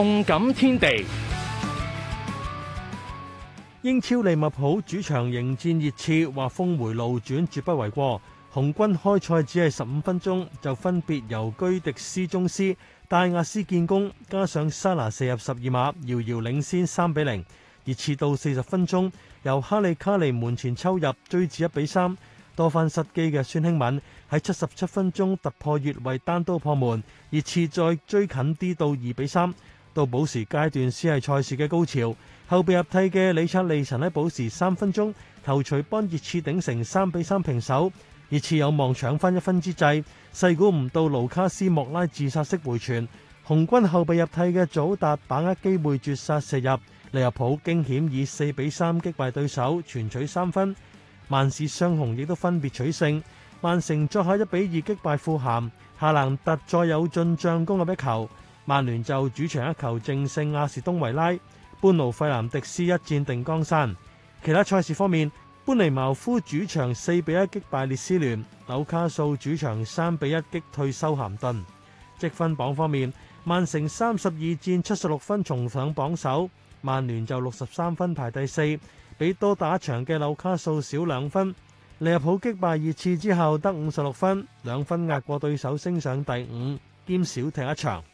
動感天地，英超利物浦主場迎戰熱刺，話峰迴路轉，絕不為過。紅軍開賽只係十五分鐘就分別由居迪斯宗斯、戴亞斯建功，加上沙拿射入十二碼，遙遙領先三比零。熱刺到四十分鐘由哈利卡尼門前抽入追至一比三。多番失機嘅孫興敏喺七十七分鐘突破越位單刀破門，熱刺再追近啲到二比三。到補時階段先係賽事嘅高潮，後備入替嘅李察利臣喺補時三分鐘頭錘幫熱刺頂成三比三平手，熱刺有望搶翻一分之際，細估唔到盧卡斯莫拉自殺式回傳，紅軍後備入替嘅祖達把握機會絕殺射入，利物浦驚險以四比三擊敗對手，全取三分。曼市雙雄亦都分別取勝，曼城再下一比二擊敗富咸，夏蘭特再有進將攻入一球。曼聯就主場一球淨勝亞士東維拉，班奴費南迪斯一戰定江山。其他賽事方面，班尼茅夫主場四比一擊敗列斯聯，紐卡素主場三比一擊退修咸頓。積分榜方面，曼城三十二戰七十六分重上榜首，曼聯就六十三分排第四，比多打場嘅紐卡素少兩分。利物浦擊敗熱刺之後得五十六分，兩分壓過對手升上第五，兼少踢一場。